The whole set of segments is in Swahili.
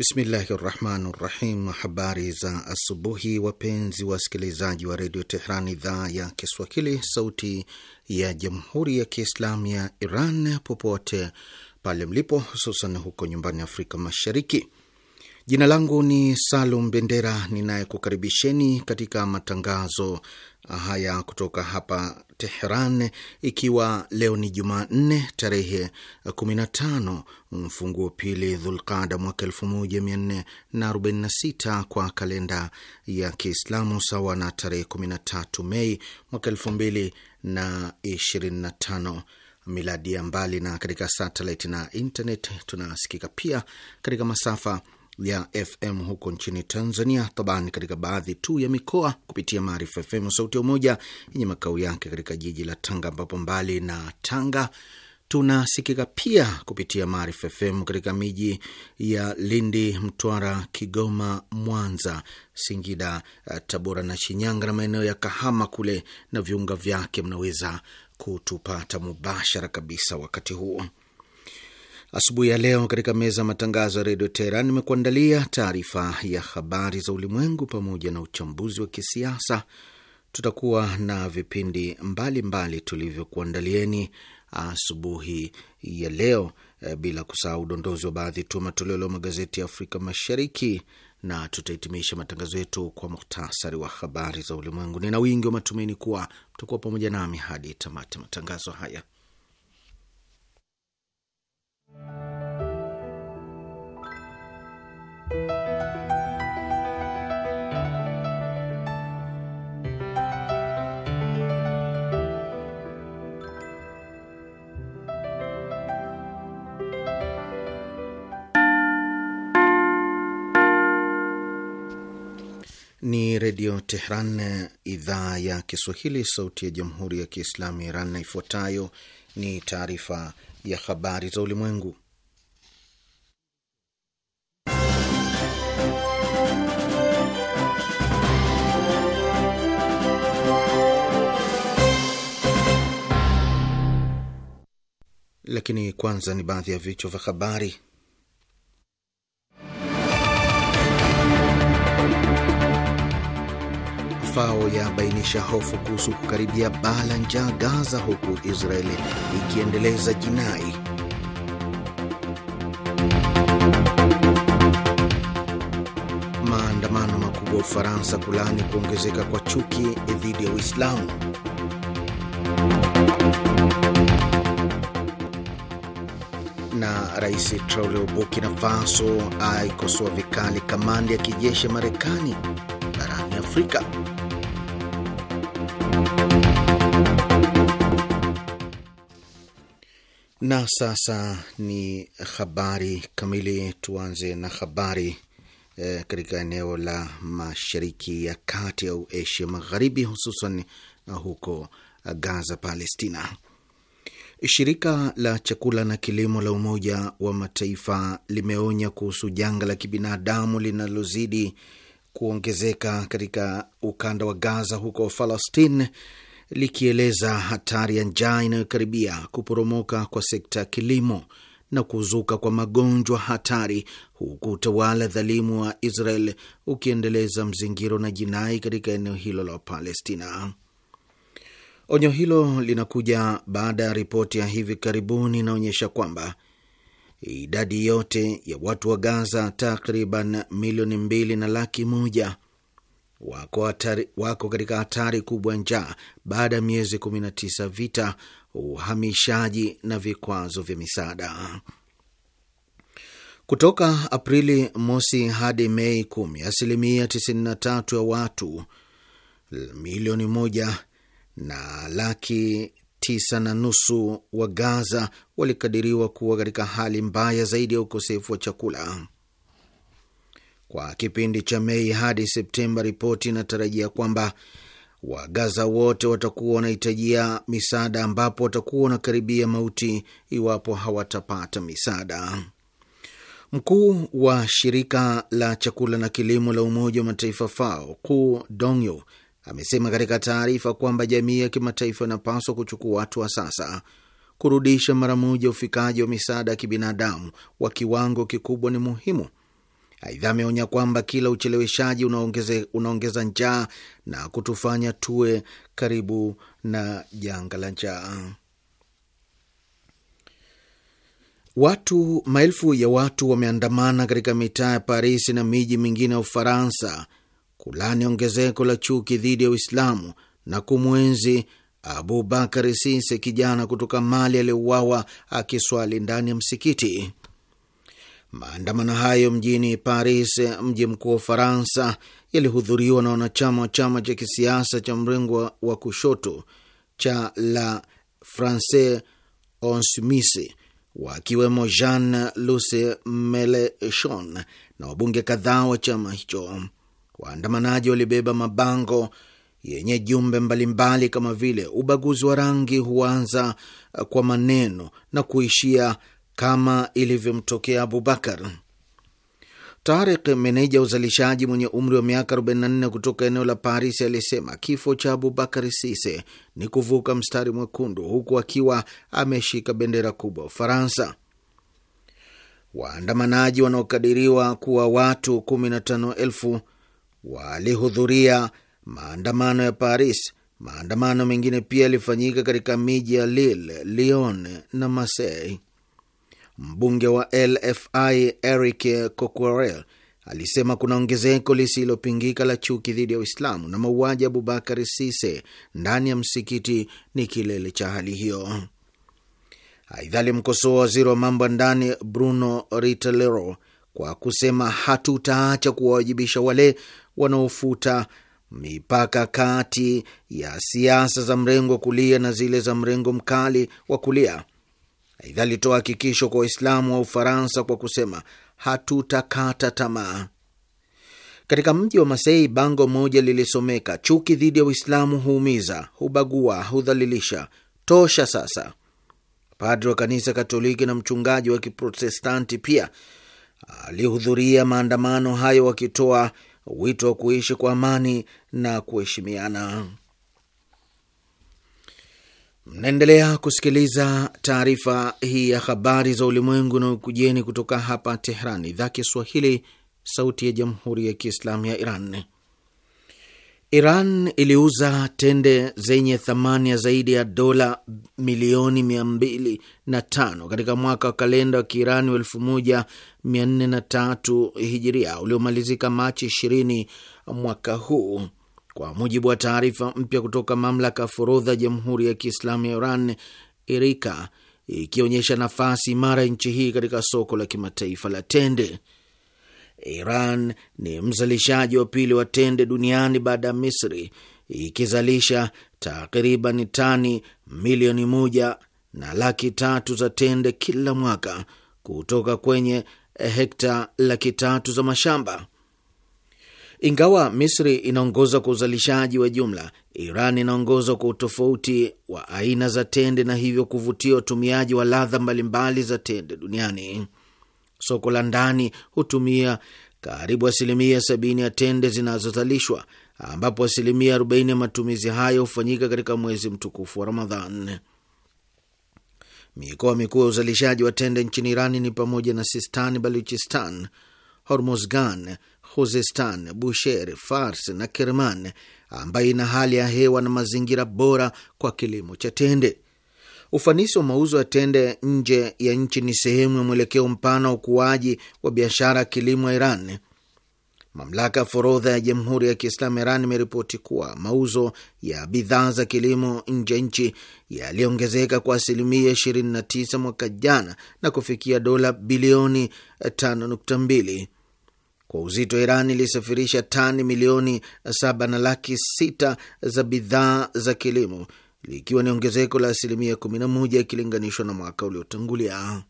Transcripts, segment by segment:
Bismillahi rahmani rahim. Habari za asubuhi, wapenzi wasikilizaji wa redio Tehran, idhaa ya Kiswahili, sauti ya jamhuri ya Kiislamu ya Iran, popote pale mlipo, hususan huko nyumbani Afrika Mashariki. Jina langu ni Salum Bendera ninayekukaribisheni katika matangazo haya kutoka hapa Teheran, ikiwa leo ni Jumanne tarehe 15 mfunguo pili Dhulqada mwaka 1446 kwa kalenda ya Kiislamu, sawa na tarehe 13 Mei mwaka 2025 miladi ya mbali. Na katika satelit na internet tunasikika pia katika masafa ya FM huko nchini Tanzania, taban katika baadhi tu ya mikoa kupitia Maarifa FM sauti ya Umoja yenye makao yake katika jiji la Tanga, ambapo mbali na Tanga tunasikika pia kupitia Maarifa FM katika miji ya Lindi, Mtwara, Kigoma, Mwanza, Singida, eh, Tabora na Shinyanga na maeneo ya Kahama kule na viunga vyake. Mnaweza kutupata mubashara kabisa wakati huo Asubuhi ya leo katika meza ya matangazo ya redio Teheran imekuandalia taarifa ya habari za ulimwengu pamoja na uchambuzi wa kisiasa. Tutakuwa na vipindi mbalimbali tulivyokuandalieni asubuhi ya leo e, bila kusahau udondozi wa baadhi tu matoleo leo magazeti ya Afrika Mashariki, na tutahitimisha matangazo yetu kwa muhtasari wa habari za ulimwengu. Nina wingi wa matumaini kuwa mtakuwa pamoja nami hadi tamati matangazo haya. Ni Redio Tehran, idhaa ya Kiswahili, sauti ya jamhuri ya kiislamu Iran. Na ifuatayo ni taarifa ya habari za ulimwengu. Lakini kwanza ni baadhi ya vichwa vya habari. FAO yabainisha hofu kuhusu kukaribia bala njaa Gaza, huku Israeli ikiendeleza jinai. Maandamano makubwa Ufaransa kulaani kuongezeka kwa chuki dhidi ya Uislamu. na Rais Traore wa Burkina Faso aikosoa vikali kamandi ya kijeshi ya Marekani barani Afrika. Na sasa ni habari kamili. Tuanze na habari e, katika eneo la mashariki ya kati au Asia Magharibi, hususan eh, huko eh, Gaza, Palestina. Shirika la chakula na kilimo la Umoja wa Mataifa limeonya kuhusu janga la kibinadamu linalozidi kuongezeka katika ukanda wa Gaza huko Palestina likieleza hatari ya njaa inayokaribia kuporomoka kwa sekta ya kilimo na kuzuka kwa magonjwa hatari, huku utawala dhalimu wa Israel ukiendeleza mzingiro na jinai katika eneo hilo la Palestina. Onyo hilo linakuja baada ya ripoti ya hivi karibuni inaonyesha kwamba idadi yote ya watu wa Gaza, takriban milioni mbili na laki moja wako, hatari, wako katika hatari kubwa njaa baada ya miezi 19 vita, uhamishaji na vikwazo vya misaada. Kutoka Aprili mosi hadi Mei kumi, asilimia 93 ya watu milioni moja na laki tisa na nusu wa Gaza walikadiriwa kuwa katika hali mbaya zaidi ya ukosefu wa chakula. Kwa kipindi cha Mei hadi Septemba, ripoti inatarajia kwamba Wagaza wote watakuwa wanahitajia misaada, ambapo watakuwa wanakaribia mauti iwapo hawatapata misaada. Mkuu wa shirika la chakula na kilimo la Umoja wa Mataifa FAO Ku Dongyo amesema katika taarifa kwamba jamii ya kimataifa inapaswa kuchukua hatua sasa kurudisha mara moja ufikaji wa misaada ya kibinadamu wa kiwango kikubwa ni muhimu Aidha, ameonya kwamba kila ucheleweshaji unaongeza njaa na kutufanya tuwe karibu na janga la njaa. Watu maelfu ya watu wameandamana katika mitaa ya Paris na miji mingine ya Ufaransa kulani ongezeko la chuki dhidi ya Uislamu na kumwenzi Abu bakar Sise, kijana kutoka Mali aliyeuawa akiswali ndani ya msikiti. Maandamano hayo mjini Paris, mji mkuu wa Ufaransa, yalihudhuriwa na wanachama wa chama cha kisiasa cha mrengo wa kushoto cha La Francais Insoumise, wakiwemo Jean Luc Melechon na wabunge kadhaa wa chama hicho. Waandamanaji walibeba mabango yenye jumbe mbalimbali kama vile ubaguzi wa rangi huanza kwa maneno na kuishia kama ilivyomtokea Abubakar. Tarik, meneja uzalishaji mwenye umri wa miaka 44 kutoka eneo la Paris, alisema kifo cha Abubakar Sise ni kuvuka mstari mwekundu, huku akiwa ameshika bendera kubwa Ufaransa. Waandamanaji wanaokadiriwa kuwa watu 15,000 walihudhuria maandamano ya Paris. Maandamano mengine pia yalifanyika katika miji ya Lille, Lyon na Marseille. Mbunge wa LFI Eric Coquerel alisema kuna ongezeko lisilopingika la chuki dhidi ya Uislamu na mauaji ya Abubakar Sise ndani ya msikiti ni kilele cha hali hiyo. Aidha, alimkosoa waziri wa mambo ya ndani Bruno Ritelero kwa kusema hatutaacha kuwawajibisha wale wanaofuta mipaka kati ya siasa za mrengo wa kulia na zile za mrengo mkali wa kulia Aidha, alitoa hakikisho kwa Waislamu wa Ufaransa kwa kusema hatutakata tamaa. Katika mji wa Masei, bango moja lilisomeka: chuki dhidi ya Uislamu huumiza, hubagua, hudhalilisha. Tosha sasa. Padri wa kanisa Katoliki na mchungaji wa Kiprotestanti pia alihudhuria maandamano hayo, wakitoa wito wa kuishi kwa amani na kuheshimiana. Mnaendelea kusikiliza taarifa hii ya habari za ulimwengu na ukujeni kutoka hapa Tehran, idhaa Kiswahili, sauti ya jamhuri ya kiislamu ya Iran. Iran iliuza tende zenye thamani ya zaidi ya dola milioni 25 katika mwaka wa kalenda wa Kiirani wa 143 hijiria uliomalizika Machi 20 mwaka huu kwa mujibu wa taarifa mpya kutoka mamlaka forodha Jamhuri ya Kiislamu ya Iran, IRIKA, ikionyesha nafasi imara ya nchi hii katika soko la kimataifa la tende. Iran ni mzalishaji wa pili wa tende duniani baada ya Misri, ikizalisha takriban tani milioni moja na laki tatu za tende kila mwaka kutoka kwenye hekta laki tatu za mashamba. Ingawa Misri inaongoza kwa uzalishaji wa jumla, Iran inaongoza kwa utofauti wa aina za tende na hivyo kuvutia utumiaji wa ladha mbalimbali za tende duniani. Soko la ndani hutumia karibu asilimia sabini ya tende zinazozalishwa, ambapo asilimia 4 ya matumizi hayo hufanyika katika mwezi mtukufu wa Ramadhan. Mikoa mikuu ya uzalishaji wa tende nchini Irani ni pamoja na Sistan, Baluchistan, Hormozgan, Khuzestan, busher Fars na Kerman, ambayo ina hali ya hewa na mazingira bora kwa kilimo cha tende. Ufanisi wa mauzo ya tende nje ya nchi ni sehemu ya mwelekeo mpana wa ukuaji wa biashara ya kilimo ya Iran. Mamlaka ya forodha ya Jamhuri ya Kiislamu Iran imeripoti kuwa mauzo ya bidhaa za kilimo nje ya nchi yaliongezeka kwa asilimia 29 mwaka jana na kufikia dola bilioni 5.2. Kwa uzito, Iran ilisafirisha tani milioni saba na laki sita za bidhaa za kilimo likiwa ni ongezeko la asilimia 11 ikilinganishwa na mwaka uliotangulia.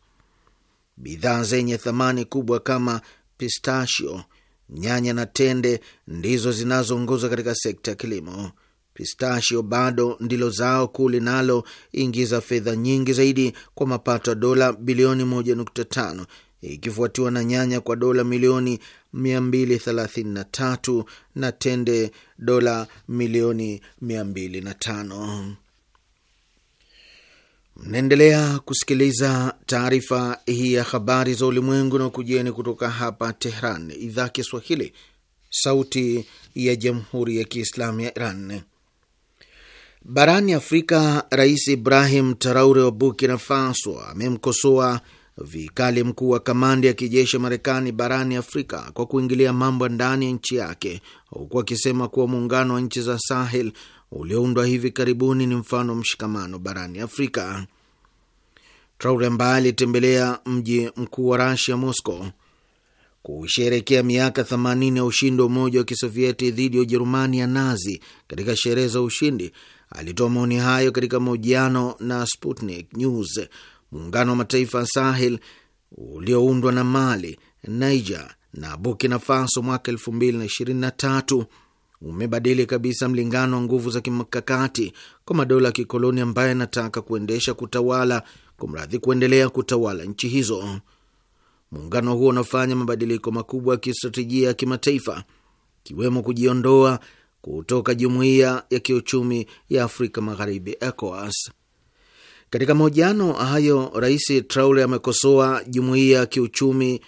Bidhaa zenye thamani kubwa kama pistashio, nyanya na tende ndizo zinazoongozwa katika sekta ya kilimo. Pistashio bado ndilo zao kuu linaloingiza fedha nyingi zaidi kwa mapato ya dola bilioni 1.5 ikifuatiwa na nyanya kwa dola milioni 233 na tende dola milioni 205. Mnaendelea kusikiliza taarifa hii ya habari za ulimwengu na kujieni kutoka hapa Tehran, idhaa Kiswahili, sauti ya jamhuri ya kiislamu ya Iran. Barani Afrika, Rais Ibrahim taraure wa Burkina Faso amemkosoa vikali mkuu wa kamanda ya kijeshi ya Marekani barani Afrika kwa kuingilia mambo ndani ya nchi yake, huku akisema kuwa muungano wa nchi za Sahel ulioundwa hivi karibuni ni mfano wa mshikamano barani Afrika. Traore ambaye alitembelea mji mkuu wa Rasia, Moscow, kusherekea miaka 80 ya ushindi wa Umoja wa Kisovieti dhidi ya Ujerumani ya Nazi katika sherehe za ushindi, alitoa maoni hayo katika mahojiano na Sputnik News Muungano wa Mataifa ya Sahel ulioundwa na Mali, Niger na Burkina Faso mwaka elfu mbili na ishirini na tatu umebadili kabisa mlingano wa nguvu za kimkakati kwa madola ya kikoloni ambayo yanataka kuendesha kutawala, kumradhi, kuendelea kutawala nchi hizo. Muungano huo unafanya mabadiliko makubwa ya kistratejia ya kimataifa, ikiwemo kujiondoa kutoka jumuiya ya kiuchumi ya Afrika Magharibi, ECOWAS. Katika mahojiano hayo, Rais Traore amekosoa jumuiya ya kiuchumi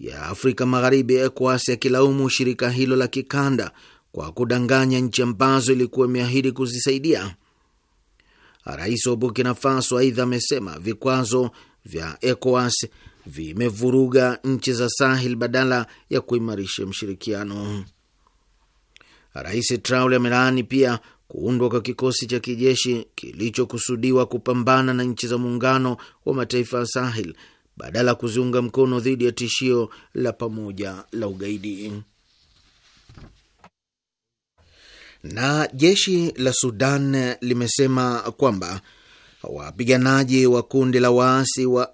ya Afrika Magharibi, ECOWAS, yakilaumu shirika hilo la kikanda kwa kudanganya nchi ambazo ilikuwa imeahidi kuzisaidia. Rais wa Burkina Faso aidha amesema vikwazo vya ECOWAS vimevuruga nchi za Sahel badala ya kuimarisha mshirikiano. Rais Traore amelaani pia kuundwa kwa kikosi cha kijeshi kilichokusudiwa kupambana na nchi za muungano wa mataifa ya Sahel badala ya kuziunga mkono dhidi ya tishio la pamoja la ugaidi. Na jeshi la Sudan limesema kwamba wapiganaji wa kundi la waasi wa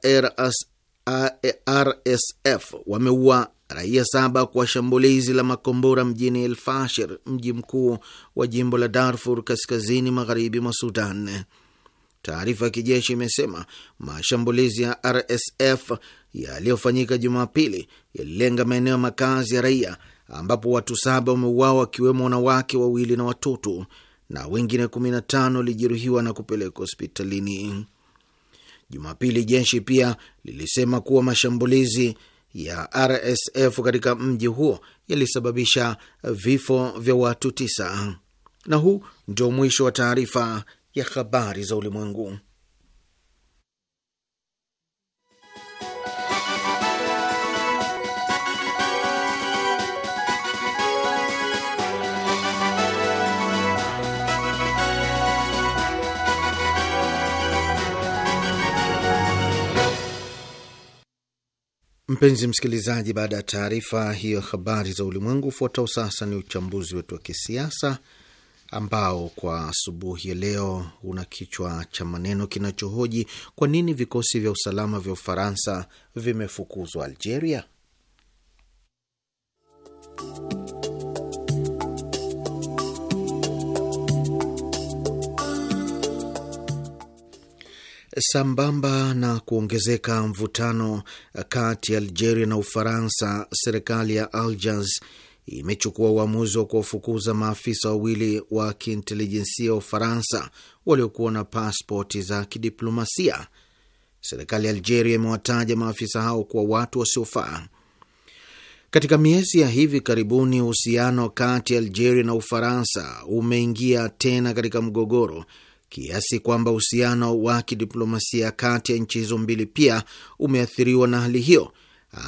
RSF wameua raia saba kwa shambulizi la makombora mjini El Fasher, mji mkuu wa jimbo la Darfur kaskazini magharibi mwa Sudan. Taarifa ya kijeshi imesema mashambulizi ya RSF yaliyofanyika Jumapili yalilenga maeneo ya makazi ya raia ambapo watu saba wameuawa wakiwemo wanawake wawili na watoto na wengine 15 walijeruhiwa na kupelekwa hospitalini. Jumapili jeshi pia lilisema kuwa mashambulizi ya RSF katika mji huo yalisababisha vifo vya watu tisa. Na huu ndio mwisho wa taarifa ya habari za ulimwengu. Mpenzi msikilizaji, baada ya taarifa hiyo habari za ulimwengu, ufuatao sasa ni uchambuzi wetu wa kisiasa ambao kwa asubuhi ya leo una kichwa cha maneno kinachohoji kwa nini vikosi vya usalama vya Ufaransa vimefukuzwa Algeria. Sambamba na kuongezeka mvutano kati ya Algeria na Ufaransa, serikali ya Algiers imechukua uamuzi wa kuwafukuza maafisa wawili wa kiintelijensia wa Ufaransa waliokuwa na paspoti za kidiplomasia. Serikali ya Algeria imewataja maafisa hao kuwa watu wasiofaa. Katika miezi ya hivi karibuni, uhusiano kati ya Algeria na Ufaransa umeingia tena katika mgogoro kiasi kwamba uhusiano wa kidiplomasia kati ya nchi hizo mbili pia umeathiriwa na hali hiyo,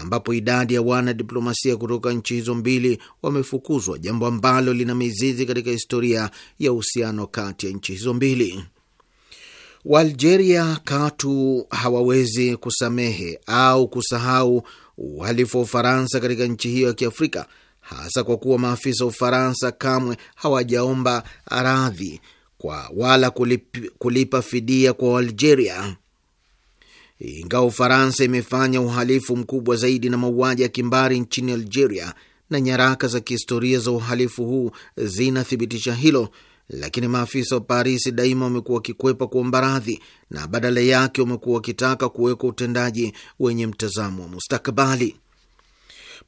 ambapo idadi ya wanadiplomasia kutoka nchi hizo mbili wamefukuzwa, jambo ambalo lina mizizi katika historia ya uhusiano kati ya nchi hizo mbili. Waalgeria katu hawawezi kusamehe au kusahau uhalifu wa Ufaransa katika nchi hiyo ya Kiafrika, hasa kwa kuwa maafisa wa Ufaransa kamwe hawajaomba radhi kwa wala kulipa, kulipa fidia kwa Algeria. Ingawa Ufaransa imefanya uhalifu mkubwa zaidi na mauaji ya kimbari nchini Algeria, na nyaraka za kihistoria za uhalifu huu zinathibitisha hilo, lakini maafisa wa Paris daima wamekuwa wakikwepa kuomba radhi na badala yake wamekuwa wakitaka kuwekwa utendaji wenye mtazamo wa mustakabali.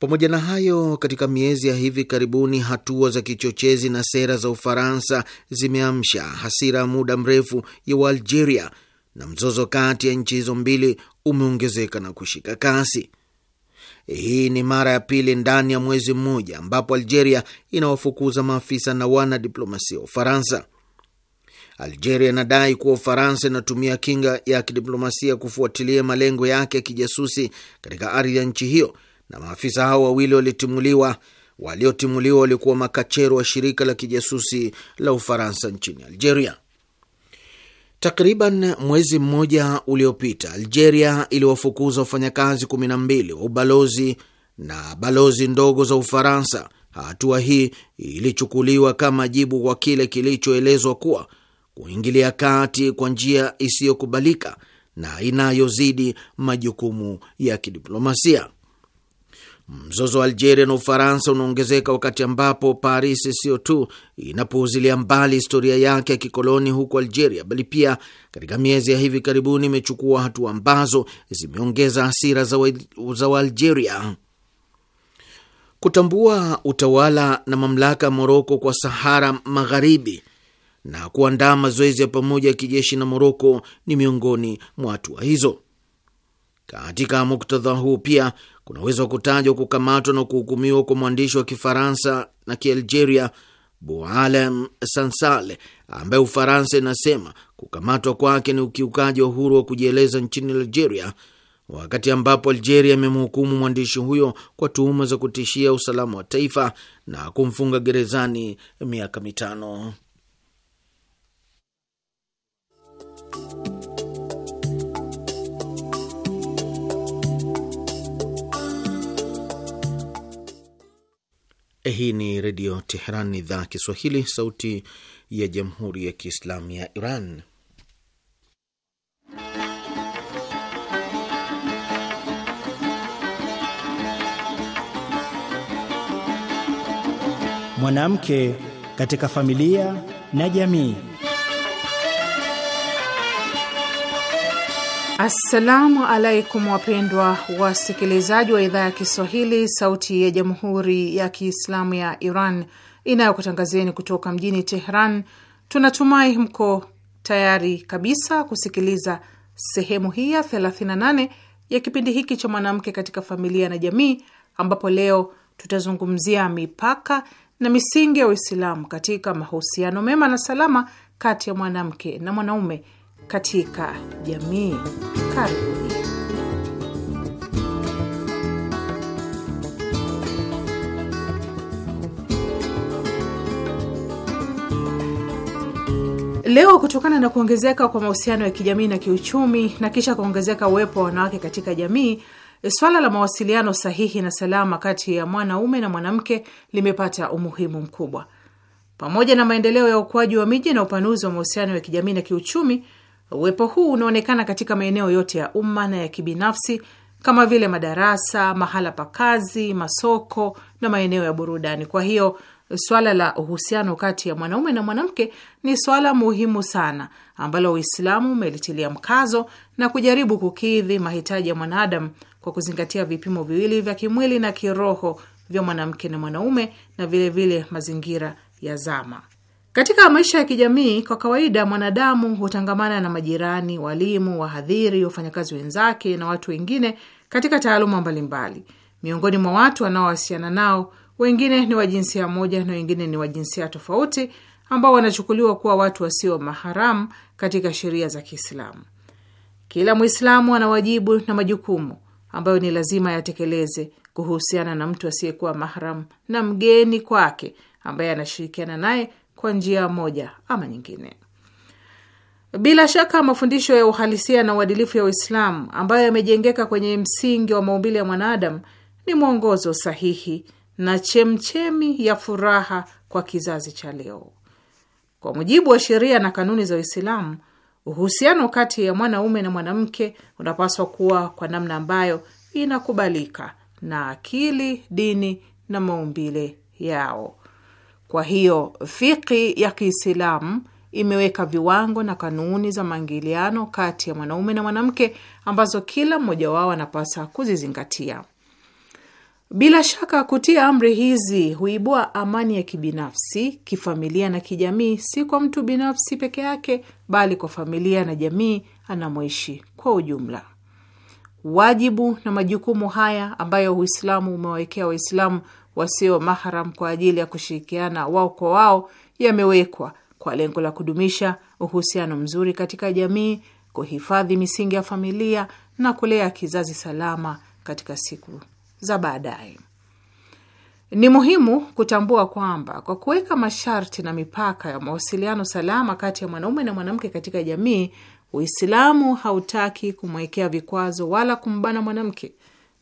Pamoja na hayo, katika miezi ya hivi karibuni, hatua za kichochezi na sera za Ufaransa zimeamsha hasira ya muda mrefu ya Waalgeria na mzozo kati ya nchi hizo mbili umeongezeka na kushika kasi. Hii ni mara ya pili ndani ya mwezi mmoja ambapo Algeria inawafukuza maafisa na wanadiplomasia wa Ufaransa. Algeria inadai kuwa Ufaransa inatumia kinga ya kidiplomasia kufuatilia malengo yake ya kijasusi katika ardhi ya nchi hiyo na maafisa hao wawili walitimuliwa waliotimuliwa walikuwa makachero wa shirika la kijasusi la Ufaransa nchini Algeria. Takriban mwezi mmoja uliopita, Algeria iliwafukuza wafanyakazi 12 wa ubalozi na balozi ndogo za Ufaransa. Hatua hii ilichukuliwa kama jibu kwa kile kilichoelezwa kuwa kuingilia kati kwa njia isiyokubalika na inayozidi majukumu ya kidiplomasia. Mzozo wa Algeria na Ufaransa unaongezeka wakati ambapo Paris sio tu inapuuzilia mbali historia yake ya kikoloni huko Algeria, bali pia katika miezi ya hivi karibuni imechukua hatua ambazo zimeongeza hasira za, wa, Waalgeria. Kutambua utawala na mamlaka ya Moroko kwa Sahara Magharibi na kuandaa mazoezi ya pamoja ya kijeshi na Moroko ni miongoni mwa hatua hizo. Katika muktadha huu pia kunaweza kutajwa kukamatwa na kuhukumiwa kwa mwandishi wa Kifaransa na Kialgeria Boualem Sansal ambaye Ufaransa inasema kukamatwa kwake ni ukiukaji wa uhuru wa kujieleza nchini Algeria, wakati ambapo Algeria imemhukumu mwandishi huyo kwa tuhuma za kutishia usalama wa taifa na kumfunga gerezani miaka mitano. Eh, hii ni Redio Teheran, idhaa Kiswahili, sauti ya Jamhuri ya Kiislamu ya Iran. Mwanamke katika familia na jamii. Assalamu alaikum wapendwa wasikilizaji wa idhaa ya Kiswahili, sauti ya jamhuri ya kiislamu ya Iran inayokutangazieni kutoka mjini Tehran. Tunatumai mko tayari kabisa kusikiliza sehemu hii ya 38 ya kipindi hiki cha mwanamke katika familia na jamii, ambapo leo tutazungumzia mipaka na misingi ya Uislamu katika mahusiano mema na salama kati ya mwanamke na mwanaume katika jamii. Karibuni. Leo kutokana na kuongezeka kwa mahusiano ya kijamii na kiuchumi na kisha kuongezeka uwepo wa wanawake katika jamii, swala la mawasiliano sahihi na salama kati ya mwanaume na mwanamke limepata umuhimu mkubwa. Pamoja na maendeleo ya ukuaji wa miji na upanuzi wa mahusiano ya kijamii na kiuchumi, Uwepo huu unaonekana katika maeneo yote ya umma na ya kibinafsi kama vile madarasa, mahala pa kazi, masoko na maeneo ya burudani. Kwa hiyo swala la uhusiano kati ya mwanaume na mwanamke ni swala muhimu sana ambalo Uislamu umelitilia mkazo na kujaribu kukidhi mahitaji ya mwanadamu kwa kuzingatia vipimo viwili vya kimwili na kiroho vya mwanamke na mwanaume na vilevile vile mazingira ya zama. Katika maisha ya kijamii kwa kawaida, mwanadamu hutangamana na majirani, walimu, wahadhiri, wafanyakazi wenzake na watu wengine katika taaluma mbalimbali. Miongoni mwa watu wanaowasiliana nao, wengine ni wa jinsia moja na wengine ni wa jinsia tofauti, ambao wanachukuliwa kuwa watu wasio maharamu katika sheria za Kiislamu. Kila Mwislamu ana wajibu na majukumu ambayo ni lazima yatekeleze kuhusiana na mtu asiyekuwa mahram na mgeni kwake ambaye anashirikiana naye kwa njia moja ama nyingine. Bila shaka mafundisho ya uhalisia na uadilifu ya Uislamu ambayo yamejengeka kwenye msingi wa maumbile ya mwanadamu ni mwongozo sahihi na chemchemi ya furaha kwa kizazi cha leo. Kwa mujibu wa sheria na kanuni za Uislamu, uhusiano kati ya mwanaume na mwanamke unapaswa kuwa kwa namna ambayo inakubalika na akili, dini na maumbile yao. Kwa hiyo fiki ya Kiislamu imeweka viwango na kanuni za maingiliano kati ya mwanaume na mwanamke ambazo kila mmoja wao anapasa kuzizingatia. Bila shaka kutia amri hizi huibua amani ya kibinafsi, kifamilia na kijamii, si kwa mtu binafsi peke yake, bali kwa familia na jamii anamoishi kwa ujumla. Wajibu na majukumu haya ambayo Uislamu umewawekea Waislamu wasio maharam kwa ajili ya kushirikiana wao kwa wao yamewekwa kwa lengo la kudumisha uhusiano mzuri katika jamii, kuhifadhi misingi ya familia na kulea kizazi salama katika siku za baadaye. Ni muhimu kutambua kwamba kwa kuweka masharti na mipaka ya mawasiliano salama kati ya mwanaume na mwanamke katika jamii, Uislamu hautaki kumwekea vikwazo wala kumbana mwanamke,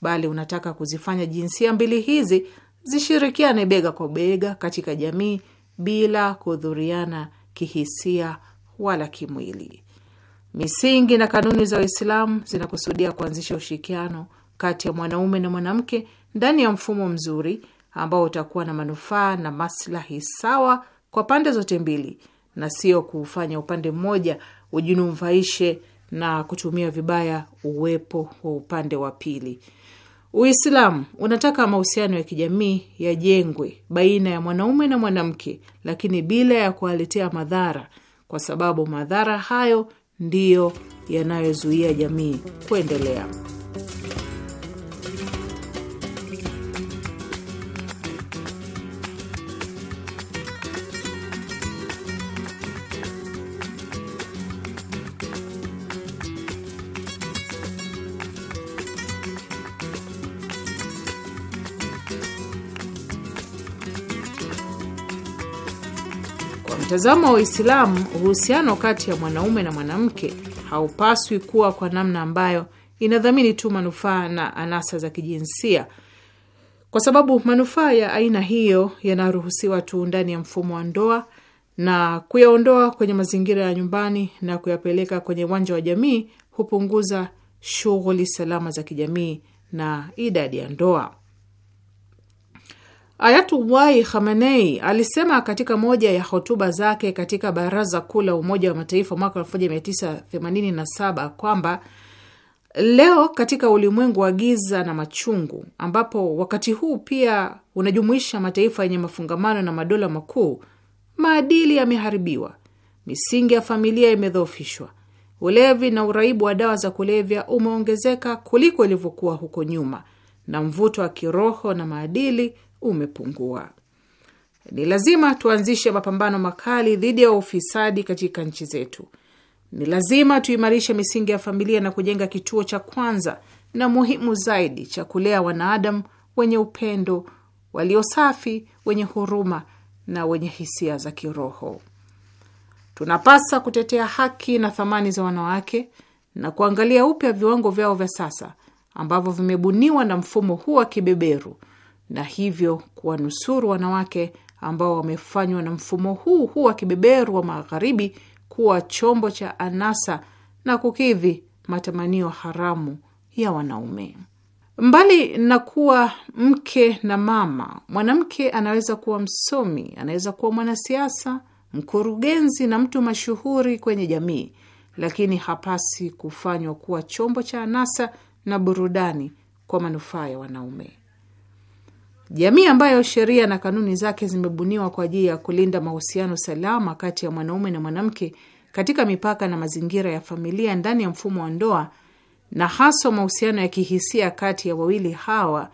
bali unataka kuzifanya jinsia mbili hizi zishirikiane bega kwa bega katika jamii bila kudhuriana kihisia wala kimwili. Misingi na kanuni za Uislamu zinakusudia kuanzisha ushirikiano kati ya mwanaume na mwanamke ndani ya mfumo mzuri ambao utakuwa na manufaa na maslahi sawa kwa pande zote mbili, na sio kuufanya upande mmoja ujinufaishe na kutumia vibaya uwepo wa upande wa pili. Uislamu unataka mahusiano ya kijamii yajengwe baina ya mwanaume na mwanamke, lakini bila ya kuwaletea madhara, kwa sababu madhara hayo ndiyo yanayozuia jamii kuendelea. mtazamo wa Uislamu, uhusiano kati ya mwanaume na mwanamke haupaswi kuwa kwa namna ambayo inadhamini tu manufaa na anasa za kijinsia, kwa sababu manufaa ya aina hiyo yanaruhusiwa tu ndani ya mfumo wa ndoa, na kuyaondoa kwenye mazingira ya nyumbani na kuyapeleka kwenye uwanja wa jamii hupunguza shughuli salama za kijamii na idadi ya ndoa. Ayatullahi Khamenei alisema katika moja ya hotuba zake katika Baraza Kuu la Umoja wa Mataifa mwaka 1987 kwamba leo katika ulimwengu wa giza na machungu, ambapo wakati huu pia unajumuisha mataifa yenye mafungamano na madola makuu, maadili yameharibiwa, misingi ya familia imedhoofishwa, ulevi na uraibu wa dawa za kulevya umeongezeka kuliko ilivyokuwa huko nyuma, na mvuto wa kiroho na maadili umepungua. Ni lazima tuanzishe mapambano makali dhidi ya ufisadi katika nchi zetu. Ni lazima tuimarishe misingi ya familia na kujenga kituo cha kwanza na muhimu zaidi cha kulea wanaadam wenye upendo, walio safi, wenye huruma na wenye hisia za kiroho. Tunapasa kutetea haki na thamani za wanawake na kuangalia upya viwango vyao vya sasa ambavyo vimebuniwa na mfumo huu wa kibeberu na hivyo kuwanusuru wanawake ambao wamefanywa na mfumo huu huu wa kibeberu wa magharibi kuwa chombo cha anasa na kukidhi matamanio haramu ya wanaume. Mbali na kuwa mke na mama, mwanamke anaweza kuwa msomi, anaweza kuwa mwanasiasa, mkurugenzi na mtu mashuhuri kwenye jamii, lakini hapasi kufanywa kuwa chombo cha anasa na burudani kwa manufaa ya wanaume. Jamii ambayo sheria na kanuni zake zimebuniwa kwa ajili ya kulinda mahusiano salama kati ya mwanaume na mwanamke katika mipaka na mazingira ya familia ndani ya mfumo wa ndoa, na haswa mahusiano ya kihisia kati ya wawili hawa,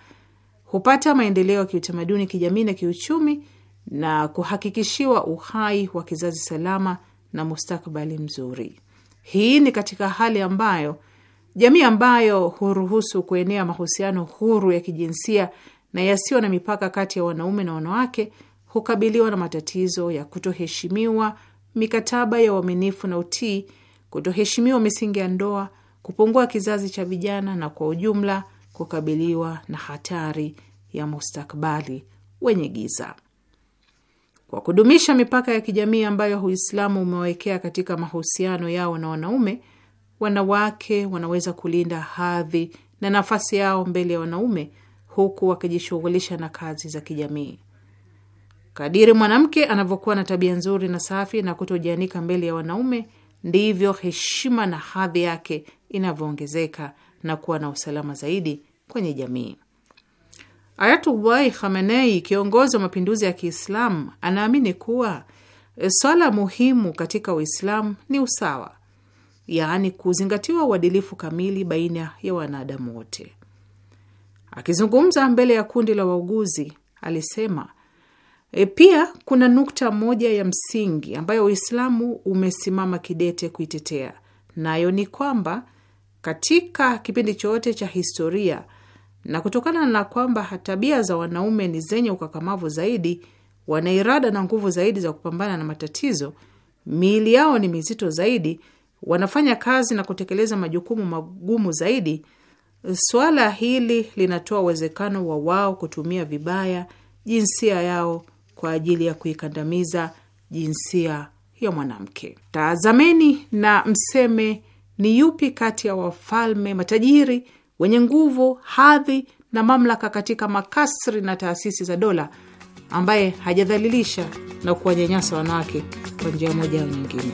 hupata maendeleo ya kiutamaduni, kijamii na kiuchumi na kuhakikishiwa uhai wa kizazi salama na mustakabali mzuri. Hii ni katika hali ambayo jamii ambayo huruhusu kuenea mahusiano huru ya kijinsia na yasiyo na mipaka kati ya wanaume na wanawake hukabiliwa na matatizo ya kutoheshimiwa mikataba ya uaminifu na utii, kutoheshimiwa misingi ya ndoa, kupungua kizazi cha vijana na kwa ujumla kukabiliwa na hatari ya mustakbali wenye giza. Kwa kudumisha mipaka ya kijamii ambayo Uislamu umewawekea katika mahusiano yao na wanaume, wanawake wanaweza kulinda hadhi na nafasi yao mbele ya wanaume huku wakijishughulisha na kazi za kijamii. Kadiri mwanamke anavyokuwa na tabia nzuri na safi na kutojianika mbele ya wanaume, ndivyo heshima na hadhi yake inavyoongezeka na kuwa na usalama zaidi kwenye jamii. Ayatullahi Khamenei, kiongozi wa mapinduzi ya Kiislamu, anaamini kuwa eh, swala muhimu katika Uislamu ni usawa, yaani kuzingatiwa uadilifu kamili baina ya wanadamu wote. Akizungumza mbele ya kundi la wauguzi alisema e, pia kuna nukta moja ya msingi ambayo Uislamu umesimama kidete kuitetea, nayo ni kwamba katika kipindi chote cha historia na kutokana na kwamba tabia za wanaume ni zenye ukakamavu zaidi, wana irada na nguvu zaidi za kupambana na matatizo, miili yao ni mizito zaidi, wanafanya kazi na kutekeleza majukumu magumu zaidi Suala hili linatoa uwezekano wa wao kutumia vibaya jinsia yao kwa ajili ya kuikandamiza jinsia ya mwanamke. Tazameni na mseme ni yupi kati ya wafalme matajiri wenye nguvu, hadhi na mamlaka katika makasri na taasisi za dola ambaye hajadhalilisha na kuwanyanyasa wanawake kwa njia moja au nyingine.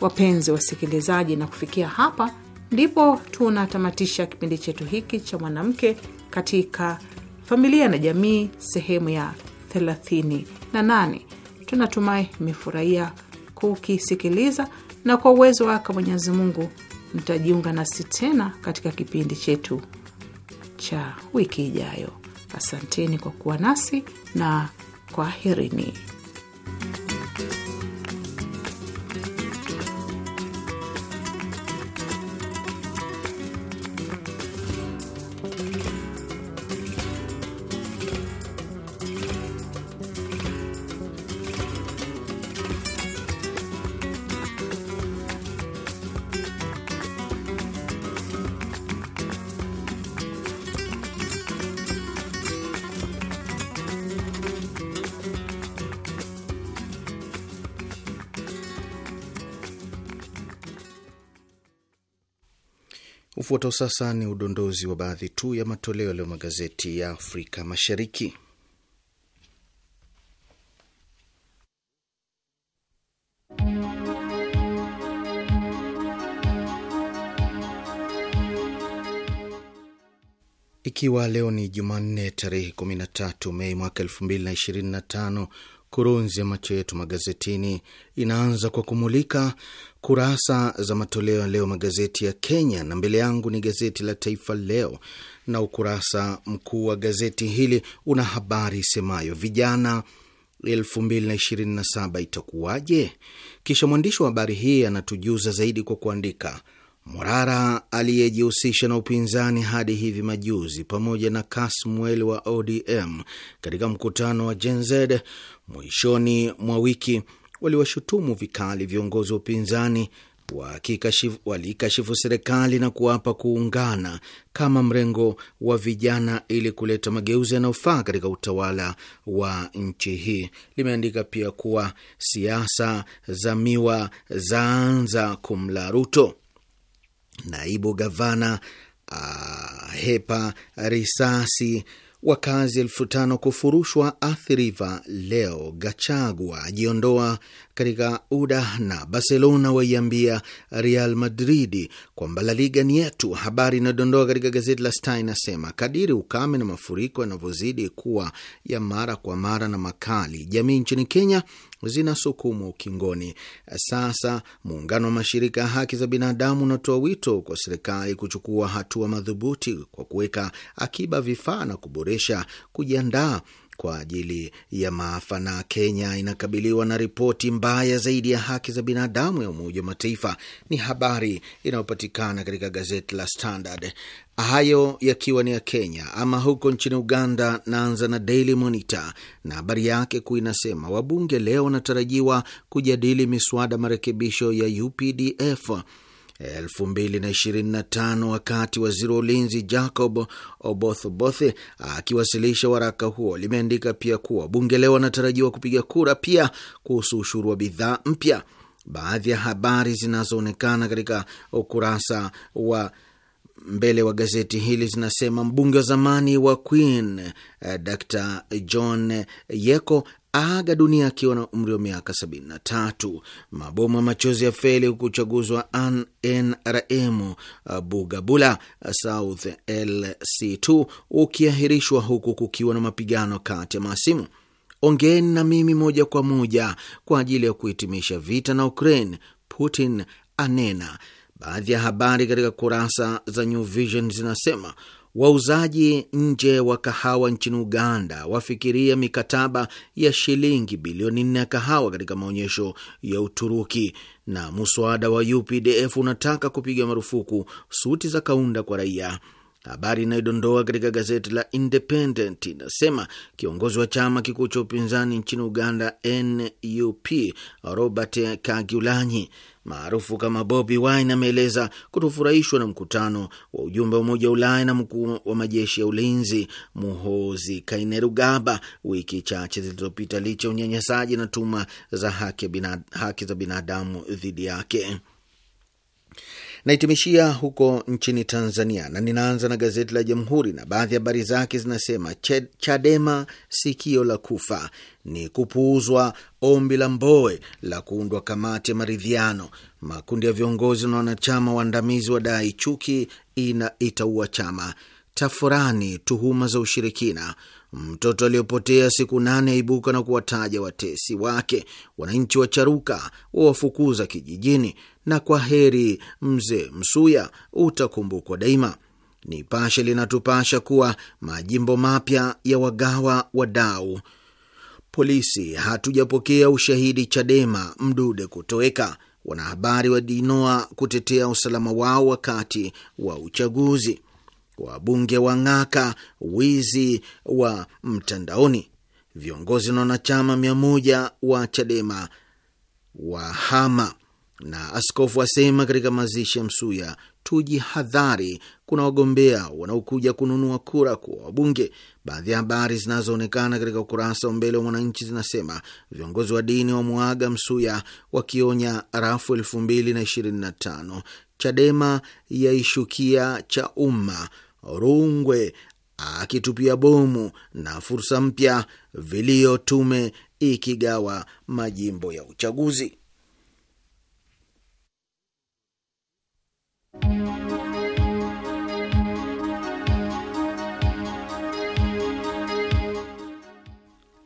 Wapenzi wasikilizaji, na kufikia hapa ndipo tunatamatisha kipindi chetu hiki cha mwanamke katika familia na jamii sehemu ya 38. Tunatumai mmefurahia kukisikiliza na kwa uwezo wake Mwenyezi Mungu mtajiunga nasi tena katika kipindi chetu cha wiki ijayo. Asanteni kwa kuwa nasi na kwaherini. Ufuatao sasa ni udondozi wa baadhi tu ya matoleo leo magazeti ya Afrika Mashariki. Ikiwa leo ni Jumanne tarehe 13 Mei mwaka 2025 Kurunzi ya macho yetu magazetini inaanza kwa kumulika kurasa za matoleo ya leo magazeti ya Kenya, na mbele yangu ni gazeti la Taifa Leo, na ukurasa mkuu wa gazeti hili una habari isemayo vijana 2027 itakuwaje? Kisha mwandishi wa habari hii anatujuza zaidi kwa kuandika morara aliyejihusisha na upinzani hadi hivi majuzi pamoja na Kasmuel wa ODM katika mkutano wa Gen Z mwishoni mwa wiki waliwashutumu vikali viongozi wa upinzani walikashifu serikali na kuwapa kuungana kama mrengo wa vijana ili kuleta mageuzi yanayofaa katika utawala wa nchi hii. Limeandika pia kuwa siasa za miwa zaanza kumla Ruto. Naibu gavana ah, hepa risasi wakazi elfu tano kufurushwa Athi River leo. Gachagua ajiondoa katika UDA na Barcelona waiambia Real Madridi kwamba La Liga ni yetu. Habari inayodondoa katika gazeti la Star inasema kadiri ukame na mafuriko yanavyozidi kuwa ya mara kwa mara na makali, jamii nchini Kenya zinasukumwa ukingoni. Sasa muungano wa mashirika ya haki za binadamu unatoa wito kwa serikali kuchukua hatua madhubuti kwa kuweka akiba vifaa na kuboresha kujiandaa kwa ajili ya maafa, na Kenya inakabiliwa na ripoti mbaya zaidi ya haki za binadamu ya Umoja wa Mataifa. Ni habari inayopatikana katika gazeti la Standard. Hayo yakiwa ni ya Kenya. Ama huko nchini Uganda, naanza na Daily Monitor na habari yake kuu inasema wabunge leo wanatarajiwa kujadili miswada marekebisho ya UPDF. 225 wakati waziri wa ulinzi Jacob Obothbothe akiwasilisha waraka huo. Limeandika pia kuwa bunge leo anatarajiwa kupiga kura pia kuhusu ushuru wa bidhaa mpya. Baadhi ya habari zinazoonekana katika ukurasa wa mbele wa gazeti hili zinasema mbunge wa zamani wa Queen eh, Dr John Yeko aaga dunia akiwa na umri wa miaka 73. Mabomu ya machozi ya feli huku uchaguzi wa NRM Bugabula South LC2 ukiahirishwa huku kukiwa na mapigano kati ya maasimu. Ongeeni na mimi moja kwa moja kwa ajili ya kuhitimisha vita na Ukraine, Putin anena. Baadhi ya habari katika kurasa za New Vision zinasema Wauzaji nje wa kahawa nchini Uganda wafikiria mikataba ya shilingi bilioni nne ya kahawa katika maonyesho ya Uturuki, na muswada wa UPDF unataka kupiga marufuku suti za kaunda kwa raia. Habari inayodondoa katika gazeti la Independent inasema kiongozi wa chama kikuu cha upinzani nchini Uganda, NUP, Robert Kagulanyi maarufu kama Bobi Wine ameeleza kutofurahishwa na mkutano wa ujumbe wa Umoja wa Ulaya na mkuu wa majeshi ya ulinzi Muhozi Kainerugaba wiki chache zilizopita, licha ya unyanyasaji na tuma za haki, binad, haki za binadamu dhidi yake. Naitimishia huko nchini Tanzania na ninaanza na gazeti la Jamhuri na baadhi ya habari zake zinasema: Chadema sikio la kufa ni kupuuzwa ombi la mboe la kuundwa kamati ya maridhiano. Makundi ya viongozi na wanachama waandamizi wadai chuki ina itaua chama. Tafurani tuhuma za ushirikina. Mtoto aliyopotea siku nane aibuka na kuwataja watesi wake. Wananchi wacharuka wawafukuza kijijini na kwa heri mzee Msuya utakumbukwa daima. Nipashe linatupasha kuwa majimbo mapya ya wagawa wadau. Polisi hatujapokea ushahidi Chadema Mdude kutoweka. Wanahabari wadinoa kutetea usalama wao wakati wa uchaguzi. Wabunge wang'aka wizi wa mtandaoni. Viongozi na wanachama mia moja wa Chadema wahama. Na askofu asema katika mazishi ya Msuya, tujihadhari, kuna wagombea wanaokuja kununua kura kuwa wabunge. Baadhi ya habari zinazoonekana katika ukurasa wa mbele wa Mwananchi zinasema viongozi wa dini wa mwaga Msuya wakionya rafu elfu mbili na ishirini na tano. Chadema yaishukia cha umma Rungwe akitupia bomu na fursa mpya, vilio tume ikigawa majimbo ya uchaguzi.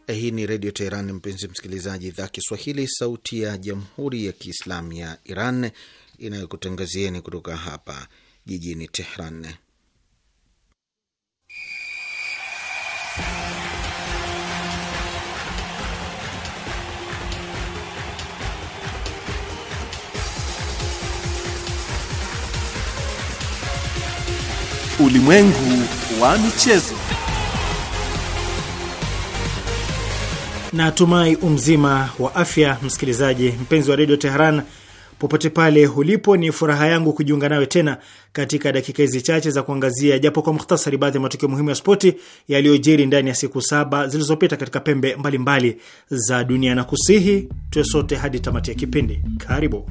Eh, hii ni Redio Teheran, mpenzi msikilizaji, idhaa Kiswahili, sauti ya Jamhuri ya Kiislamu ya Iran inayokutangazieni kutoka hapa jijini Tehran. Ulimwengu wa michezo. Natumai umzima wa afya, msikilizaji mpenzi wa redio Teheran popote pale ulipo. Ni furaha yangu kujiunga nawe tena katika dakika hizi chache za kuangazia japo kwa muhtasari baadhi ya matukio muhimu ya spoti yaliyojiri ndani ya siku saba zilizopita katika pembe mbalimbali mbali za dunia, na kusihi tuwe sote hadi tamati ya kipindi. Karibu.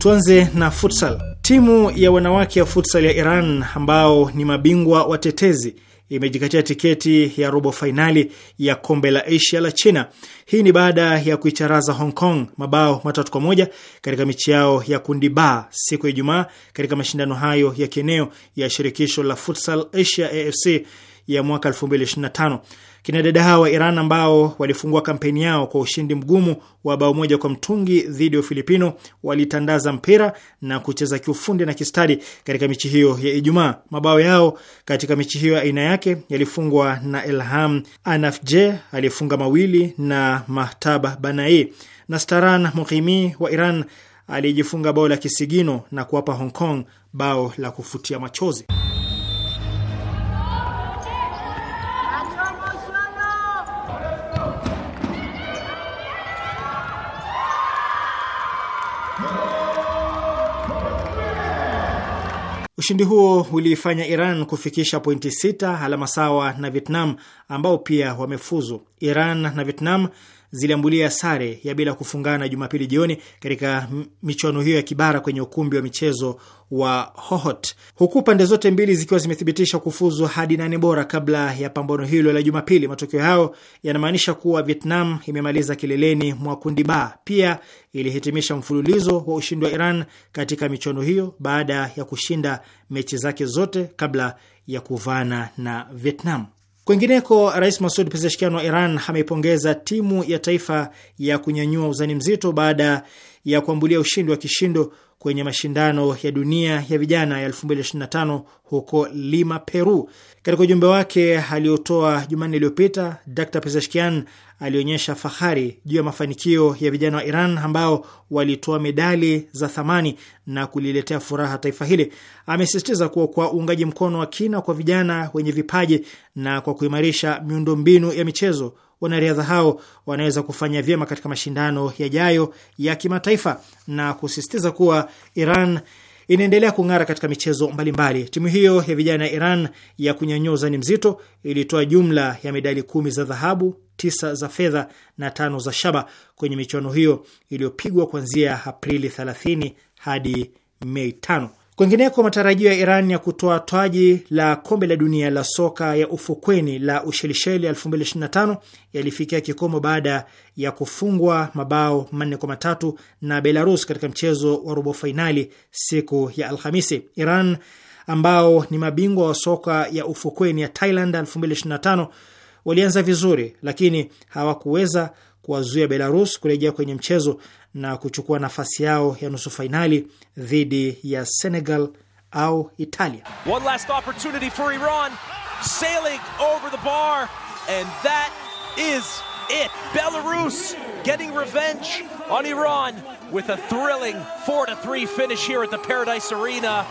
Tuanze na futsal. Timu ya wanawake ya futsal ya Iran ambao ni mabingwa watetezi imejikatia tiketi ya robo fainali ya kombe la Asia la China. Hii ni baada ya kuicharaza Hong Kong mabao matatu kwa moja katika michi yao ya kundi ba siku ya Ijumaa katika mashindano hayo ya kieneo ya shirikisho la futsal Asia AFC ya mwaka 2025. Kina dada hawa wa Iran ambao walifungua kampeni yao kwa ushindi mgumu wa bao moja kwa mtungi dhidi ya Ufilipino walitandaza mpira na kucheza kiufundi na kistadi katika michi hiyo ya Ijumaa. Mabao yao katika michi hiyo ya aina yake yalifungwa na Elham Anafje aliyefunga mawili na Mahtaba Banai, na Staran Muqimi wa Iran aliyejifunga bao la kisigino na kuwapa Hong Kong bao la kufutia machozi. Ushindi huo uliifanya Iran kufikisha pointi sita, alama sawa na Vietnam ambao pia wamefuzu. Iran na Vietnam ziliambulia sare ya bila kufungana Jumapili jioni katika michuano hiyo ya kibara kwenye ukumbi wa michezo wa Hohot, huku pande zote mbili zikiwa zimethibitisha kufuzu hadi nane bora kabla ya pambano hilo la Jumapili. Matokeo hayo yanamaanisha kuwa Vietnam imemaliza kileleni mwa kundi ba. Pia ilihitimisha mfululizo wa ushindi wa Iran katika michuano hiyo baada ya kushinda mechi zake zote kabla ya kuvana na Vietnam. Kwingineko, Rais Masud Pezeshkian wa Iran ameipongeza timu ya taifa ya kunyanyua uzani mzito baada ya kuambulia ushindi wa kishindo kwenye mashindano ya dunia ya vijana ya 2025 huko Lima, Peru. Katika ujumbe wake aliotoa Jumanne iliyopita, Dr Pezeshkian alionyesha fahari juu ya mafanikio ya vijana wa Iran ambao walitoa medali za thamani na kuliletea furaha taifa hili. Amesisitiza kuwa kwa uungaji mkono wa kina kwa vijana wenye vipaji na kwa kuimarisha miundombinu ya michezo wanariadha hao wanaweza kufanya vyema katika mashindano yajayo ya kimataifa na kusisitiza kuwa Iran inaendelea kung'ara katika michezo mbalimbali. Timu hiyo ya vijana ya Iran ya kunyanyua uzani mzito ilitoa jumla ya medali kumi za dhahabu, tisa za fedha na tano za shaba kwenye michuano hiyo iliyopigwa kuanzia Aprili 30 hadi Mei tano. Kwingineko, matarajio ya Iran ya kutoa taji la kombe la dunia la soka ya ufukweni la Ushelisheli 2025 yalifikia kikomo baada ya kufungwa mabao manne kwa matatu na Belarus katika mchezo wa robo fainali siku ya Alhamisi. Iran ambao ni mabingwa wa soka ya ufukweni ya Thailand 2025 walianza vizuri, lakini hawakuweza kuwazuia Belarus kurejea kwenye mchezo na kuchukua nafasi yao ya nusu fainali dhidi ya Senegal au Italia. One last opportunity for Iran sailing over the bar and that is it. Belarus getting revenge on Iran with a thrilling 4-3 finish here at the Paradise Arena.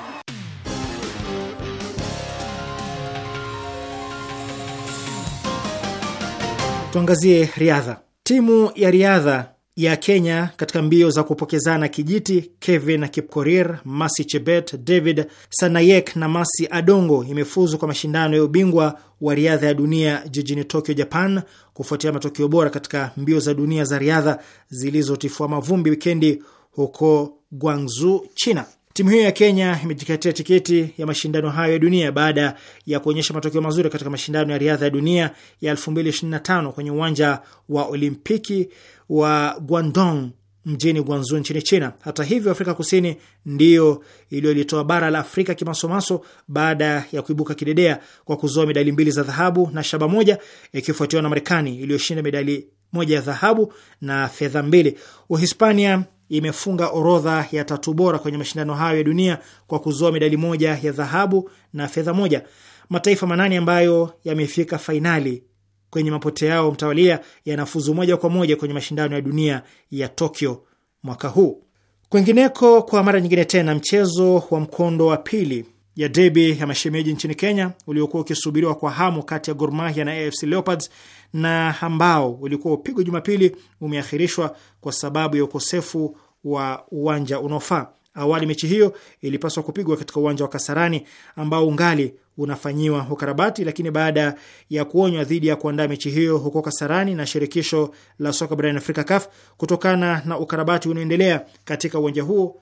Tuangazie riadha. Timu ya riadha ya Kenya katika mbio za kupokezana kijiti, Kevin Kipkorir, Masi Chebet, David Sanayek na Masi Adongo imefuzu kwa mashindano ya ubingwa wa riadha ya dunia jijini Tokyo, Japan, kufuatia matokeo bora katika mbio za dunia za riadha zilizotifua mavumbi wikendi huko Guangzhou, China. Timu hiyo ya Kenya imejikatia tiketi ya mashindano hayo ya dunia baada ya kuonyesha matokeo mazuri katika mashindano ya riadha ya dunia ya 2025 kwenye uwanja wa Olimpiki wa Guangdong mjini Guangzhou nchini China. Hata hivyo, Afrika Kusini ndiyo iliyolitoa bara la Afrika kimasomaso baada ya kuibuka kidedea kwa kuzoa medali mbili za dhahabu na shaba moja, ikifuatiwa na Marekani iliyoshinda medali moja ya dhahabu na fedha mbili. Uhispania imefunga orodha ya tatu bora kwenye mashindano hayo ya dunia kwa kuzoa medali moja ya dhahabu na fedha moja. Mataifa manane ambayo yamefika fainali kwenye mapote yao mtawalia yanafuzu moja kwa moja kwenye mashindano ya dunia ya Tokyo mwaka huu. Kwingineko, kwa mara nyingine tena, mchezo wa mkondo wa pili ya debi ya mashemeji nchini Kenya uliokuwa ukisubiriwa kwa hamu kati ya Gor Mahia na AFC Leopards na ambao ulikuwa upigwa Jumapili umeahirishwa kwa sababu ya ukosefu wa uwanja unaofaa. Awali mechi hiyo ilipaswa kupigwa katika uwanja wa Kasarani ambao ungali unafanyiwa ukarabati, lakini baada ya kuonywa dhidi ya kuandaa mechi hiyo huko Kasarani na shirikisho la soka barani Afrika CAF kutokana na ukarabati unaoendelea katika uwanja huo,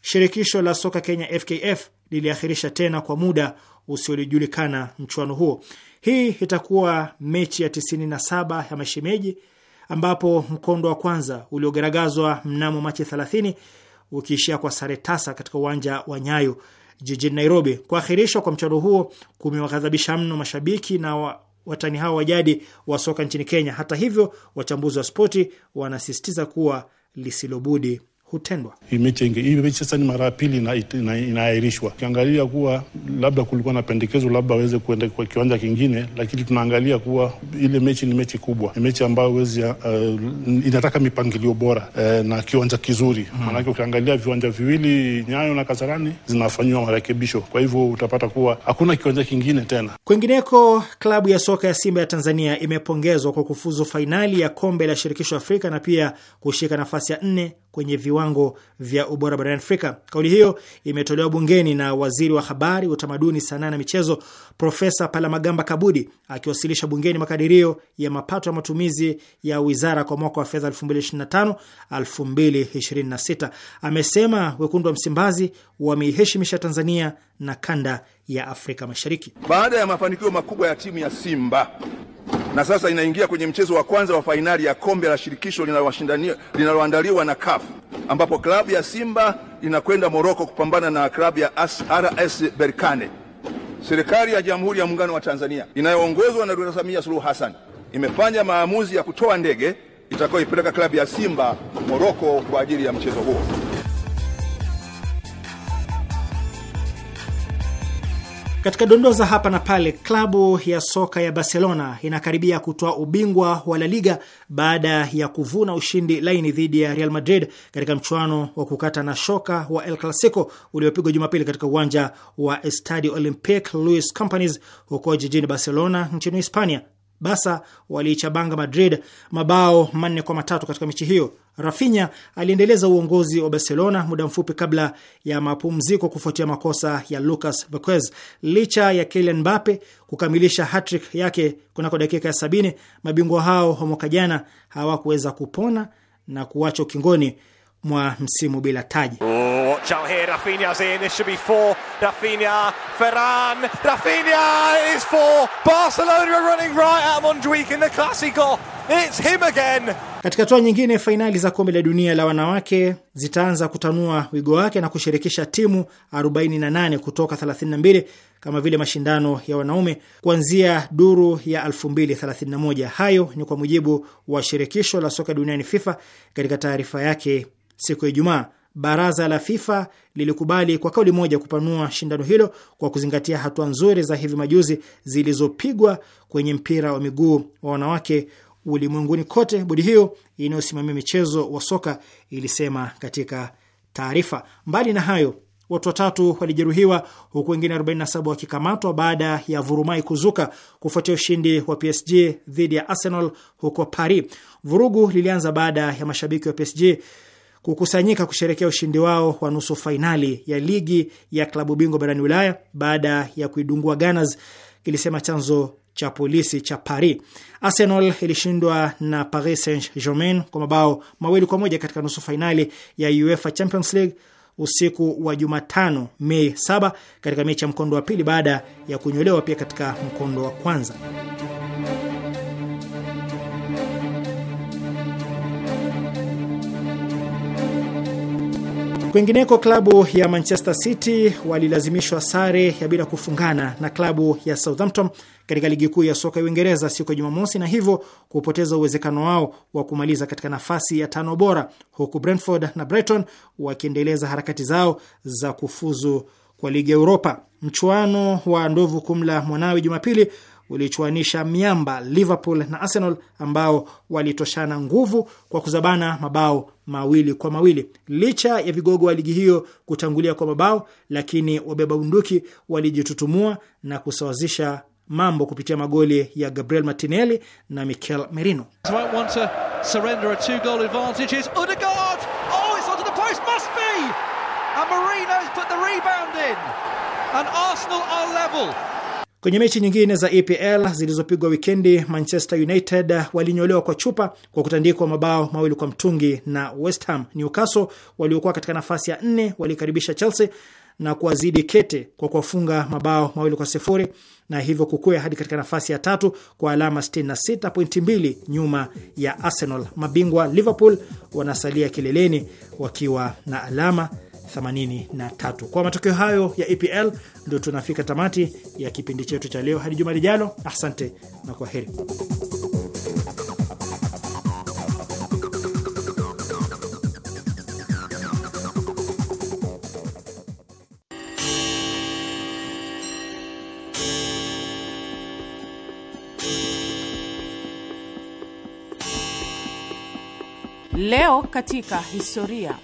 shirikisho la soka Kenya FKF liliahirisha tena kwa muda usiojulikana mchuano huo. Hii itakuwa mechi ya 97 ya mashemeji ambapo mkondo wa kwanza uliogaragazwa mnamo Machi 30 ukiishia kwa sare tasa katika uwanja wa Nyayo jijini Nairobi. Kuahirishwa kwa mchuano huo kumewaghadhabisha mno mashabiki na watani hao wajadi wa soka nchini Kenya. Hata hivyo, wachambuzi wa spoti wanasisitiza kuwa lisilobudi hutendwa. Imechenge hii mechi sasa ni mara ya pili inaahirishwa, ukiangalia kuwa labda kulikuwa na pendekezo labda aweze kuenda kwa kiwanja kingine, lakini tunaangalia kuwa ile mechi ni mechi kubwa, ni mechi ambayo wezi uh, inataka mipangilio bora uh, na kiwanja kizuri hmm. Maanake ukiangalia viwanja viwili Nyayo na Kasarani zinafanyiwa marekebisho, kwa hivyo utapata kuwa hakuna kiwanja kingine tena. Kwingineko, klabu ya soka ya Simba ya Tanzania imepongezwa kwa kufuzu fainali ya kombe la shirikisho Afrika na pia kushika nafasi ya nne kwenye viwango vya ubora barani Afrika. Kauli hiyo imetolewa bungeni na waziri wa habari, utamaduni, sanaa na michezo Profesa Palamagamba Kabudi akiwasilisha bungeni makadirio ya mapato ya matumizi ya wizara kwa mwaka wa fedha 2025 2026. Amesema wekundu wa Msimbazi wameiheshimisha Tanzania na kanda ya Afrika Mashariki baada ya mafanikio makubwa ya timu ya Simba na sasa inaingia kwenye mchezo wa kwanza wa fainali ya kombe la shirikisho linaloandaliwa na CAF ambapo klabu ya Simba inakwenda Moroko kupambana na klabu ya RS Berkane. Serikali ya Jamhuri ya Muungano wa Tanzania inayoongozwa na Dr. Samia Suluhu Hassan imefanya maamuzi ya kutoa ndege itakayoipeleka klabu ya Simba Moroko kwa ajili ya mchezo huo. Katika dondoo za hapa na pale, klabu ya soka ya Barcelona inakaribia kutoa ubingwa wa La Liga baada ya kuvuna ushindi laini dhidi ya Real Madrid katika mchuano wa kukata na shoka wa El Clasico uliopigwa Jumapili katika uwanja wa Estadio Olympic Luis Companies huko jijini Barcelona nchini Hispania. Basa waliichabanga Madrid mabao manne kwa matatu katika mechi hiyo. Rafinha aliendeleza uongozi wa Barcelona muda mfupi kabla ya mapumziko kufuatia makosa ya Lucas Vazquez. Licha ya Kylian Mbappe kukamilisha hatrick yake kunako dakika ya sabini, mabingwa hao wa mwaka jana hawakuweza kupona na kuwacha ukingoni mwa msimu bila taji. Shall here, Rafinha's in. This should be four. Rafinha, Ferran. Rafinha is four. Barcelona are running right at Mondrique in the Clasico. It's him again. Katika hatua nyingine, fainali za kombe la dunia la wanawake zitaanza kutanua wigo wake na kushirikisha timu 48 kutoka 32 kama vile mashindano ya wanaume kuanzia duru ya 2031. Hayo ni kwa mujibu wa shirikisho la soka duniani FIFA katika taarifa yake siku ya Ijumaa baraza la FIFA lilikubali kwa kauli moja kupanua shindano hilo kwa kuzingatia hatua nzuri za hivi majuzi zilizopigwa kwenye mpira wa miguu wa wanawake ulimwenguni kote. Bodi hiyo inayosimamia michezo wa soka ilisema katika taarifa. Mbali na hayo, watu watatu walijeruhiwa huku wengine 47 wakikamatwa baada ya vurumai kuzuka kufuatia ushindi wa PSG dhidi ya Arsenal huko Paris. Vurugu lilianza baada ya mashabiki wa PSG kukusanyika kusherekea ushindi wao wa nusu fainali ya ligi ya klabu bingwa barani Ulaya baada ya kuidungua Gunners, kilisema chanzo cha polisi cha Paris. Arsenal ilishindwa na Paris Saint-Germain kwa mabao mawili kwa moja katika nusu fainali ya UEFA Champions League usiku wa Jumatano Mei 7 katika mechi ya mkondo wa pili baada ya kunyolewa pia katika mkondo wa kwanza. Kwingineko, klabu ya Manchester City walilazimishwa sare ya bila kufungana na klabu ya Southampton katika ligi kuu ya soka ya Uingereza siku ya Jumamosi na hivyo kupoteza uwezekano wao wa kumaliza katika nafasi ya tano bora, huku Brentford na Brighton wakiendeleza harakati zao za kufuzu kwa ligi ya Uropa. Mchuano wa ndovu kumla mwanawe Jumapili ulichuanisha miamba Liverpool na Arsenal ambao walitoshana nguvu kwa kuzabana mabao mawili kwa mawili. Licha ya vigogo wa ligi hiyo kutangulia kwa mabao, lakini wabeba bunduki walijitutumua na kusawazisha mambo kupitia magoli ya Gabriel Martinelli na Mikel Merino. Kwenye mechi nyingine za EPL zilizopigwa wikendi, Manchester United uh, walinyolewa kwa chupa kwa kutandikwa mabao mawili kwa mtungi na West Ham. Newcastle waliokuwa katika nafasi ya nne walikaribisha Chelsea na kuwazidi kete kwa kuwafunga mabao mawili kwa sifuri na hivyo kukwea hadi katika nafasi ya tatu kwa alama 66 pointi mbili nyuma ya Arsenal. Mabingwa Liverpool wanasalia kileleni wakiwa na alama 83. Kwa matokeo hayo ya EPL ndio tunafika tamati ya kipindi chetu cha leo. Hadi juma lijalo, asante na kwa heri. Leo katika historia.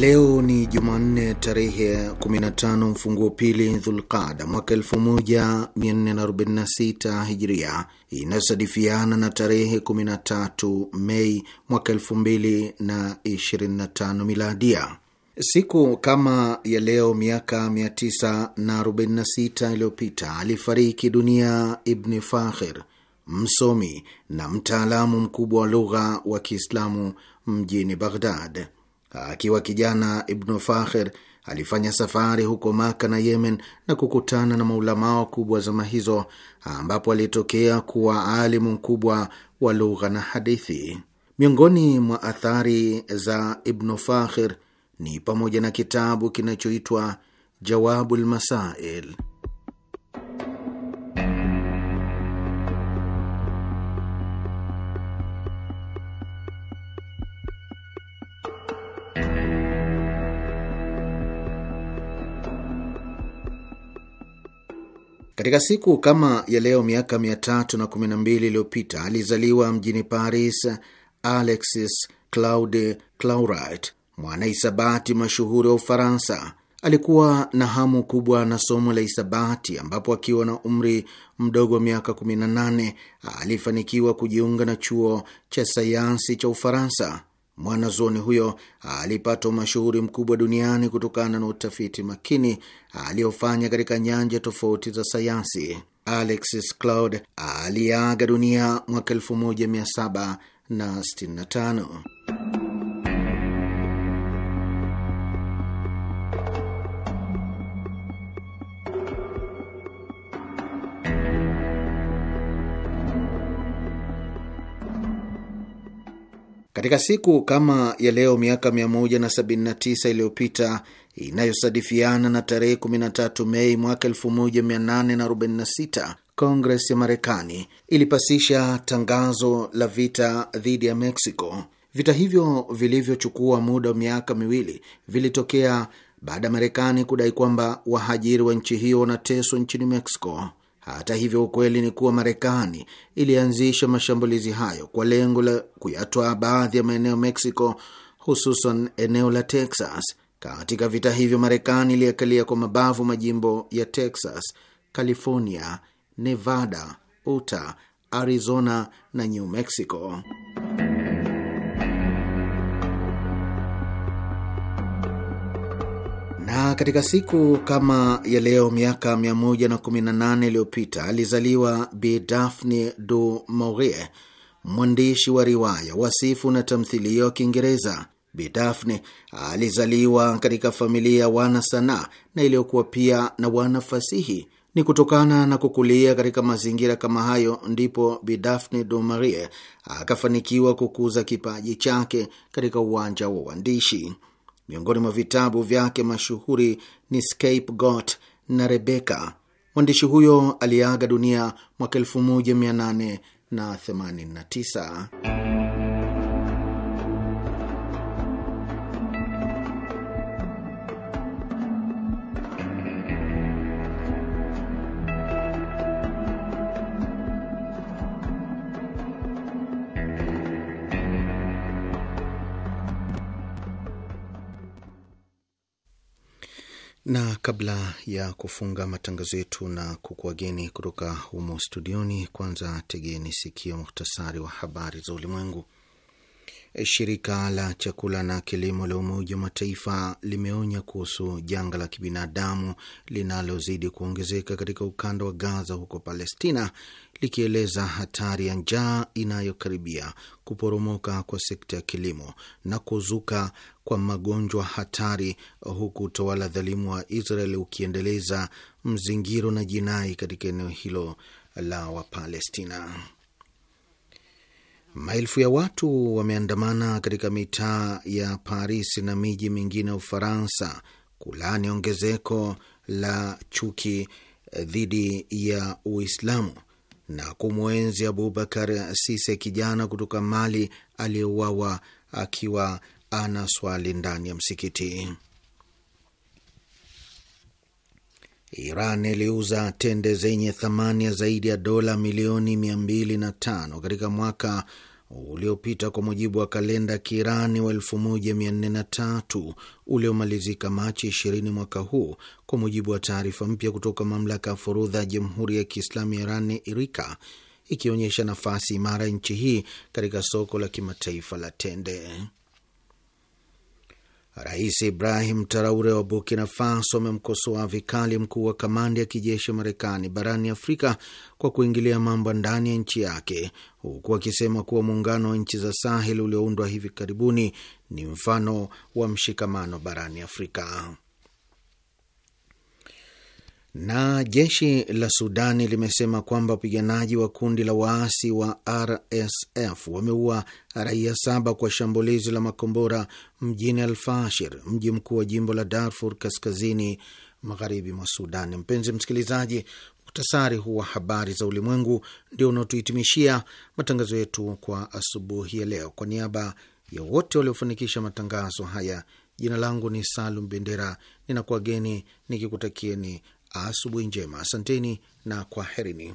Leo ni Jumanne tarehe 15 mfunguo pili Dhulqada mwaka 1446 Hijria, inayosadifiana na tarehe 13 Mei mwaka 2025 Miladia. Siku kama ya leo miaka 946 iliyopita alifariki dunia Ibni Fakhir, msomi na mtaalamu mkubwa wa lugha wa Kiislamu mjini Baghdad. Akiwa kijana, Ibnu fahir alifanya safari huko Maka na Yemen na kukutana na maulamaa wakubwa zama hizo, ambapo alitokea kuwa alimu mkubwa wa lugha na hadithi. Miongoni mwa athari za Ibnu Fakhir ni pamoja na kitabu kinachoitwa Jawabu lmasail. Katika siku kama ya leo miaka mbili iliyopita alizaliwa mjini Paris Alexis Claude Clairaut, mwanahisabati mashuhuri wa Ufaransa. Alikuwa na hamu kubwa na somo la hisabati, ambapo akiwa na umri mdogo wa miaka 18 alifanikiwa kujiunga na chuo cha sayansi cha Ufaransa. Mwanazuoni huyo alipata umashuhuri mkubwa duniani kutokana na utafiti makini aliyofanya katika nyanja tofauti za sayansi. Alexis Claude aliyeaga dunia mwaka 1765. Katika siku kama ya leo miaka 179 iliyopita inayosadifiana na tarehe 13 Mei mwaka 1846 Kongres ya Marekani ilipasisha tangazo la vita dhidi ya Mexico. Vita hivyo vilivyochukua muda wa miaka miwili vilitokea baada ya Marekani kudai kwamba wahajiri wa nchi hiyo wanateswa nchini Mexico. Hata hivyo, ukweli ni kuwa Marekani ilianzisha mashambulizi hayo kwa lengo la kuyatwaa baadhi ya maeneo Mexico, hususan eneo la Texas. Katika vita hivyo, Marekani iliakalia kwa mabavu majimbo ya Texas, California, Nevada, Utah, Arizona na New Mexico. Na katika siku kama ya leo miaka 118 iliyopita alizaliwa Bi Daphne du Maurier, mwandishi wa riwaya, wasifu na tamthilia wa Kiingereza. Bi Daphne alizaliwa katika familia ya wana sanaa na iliyokuwa pia na wana fasihi Ni kutokana na kukulia katika mazingira kama hayo ndipo Bi Daphne du Maurier akafanikiwa kukuza kipaji chake katika uwanja wa uandishi. Miongoni mwa vitabu vyake mashuhuri ni Scapegoat na Rebecca. Mwandishi huyo aliaga dunia mwaka 1889. kabla ya kufunga matangazo yetu na kukuageni kutoka humo studioni, kwanza tegeni sikio muhtasari wa habari za ulimwengu. Eh, shirika la chakula na kilimo la Umoja wa Mataifa limeonya kuhusu janga la kibinadamu linalozidi kuongezeka katika ukanda wa Gaza huko Palestina, likieleza hatari ya njaa inayokaribia, kuporomoka kwa sekta ya kilimo na kuzuka kwa magonjwa hatari, huku utawala dhalimu wa Israel ukiendeleza mzingiro na jinai katika eneo hilo la Wapalestina. Maelfu ya watu wameandamana katika mitaa ya Paris na miji mingine ya Ufaransa kulaani ongezeko la chuki dhidi ya Uislamu na kumwenzi Abubakar Sise, kijana kutoka Mali aliyeuawa akiwa ana swali ndani ya msikiti. Iran iliuza tende zenye thamani ya zaidi ya dola milioni 25 katika mwaka uliopita kwa mujibu wa kalenda Kiirani wa 143 uliomalizika Machi 20 mwaka huu, kwa mujibu wa taarifa mpya kutoka mamlaka ya furudha ya Jamhuri ya Kiislamu ya Iran IRIKA, ikionyesha nafasi imara ya nchi hii katika soko la kimataifa la tende. Rais Ibrahim taraure wa Burkina Faso amemkosoa vikali mkuu wa kamandi ya kijeshi Marekani barani Afrika kwa kuingilia mambo ndani ya nchi yake, huku akisema kuwa muungano wa nchi za Sahel ulioundwa hivi karibuni ni mfano wa mshikamano barani Afrika. Na jeshi la Sudani limesema kwamba wapiganaji wa kundi la waasi wa RSF wameua raia saba kwa shambulizi la makombora mjini Alfashir, mji mkuu wa jimbo la Darfur kaskazini magharibi mwa Sudani. Mpenzi msikilizaji, muktasari huu wa habari za ulimwengu ndio unaotuhitimishia matangazo yetu kwa asubuhi ya leo. Kwa niaba ya wote waliofanikisha matangazo haya, jina langu ni Salum Bendera, ninakuwageni nikikutakieni Asubuhi njema, asanteni na kwaherini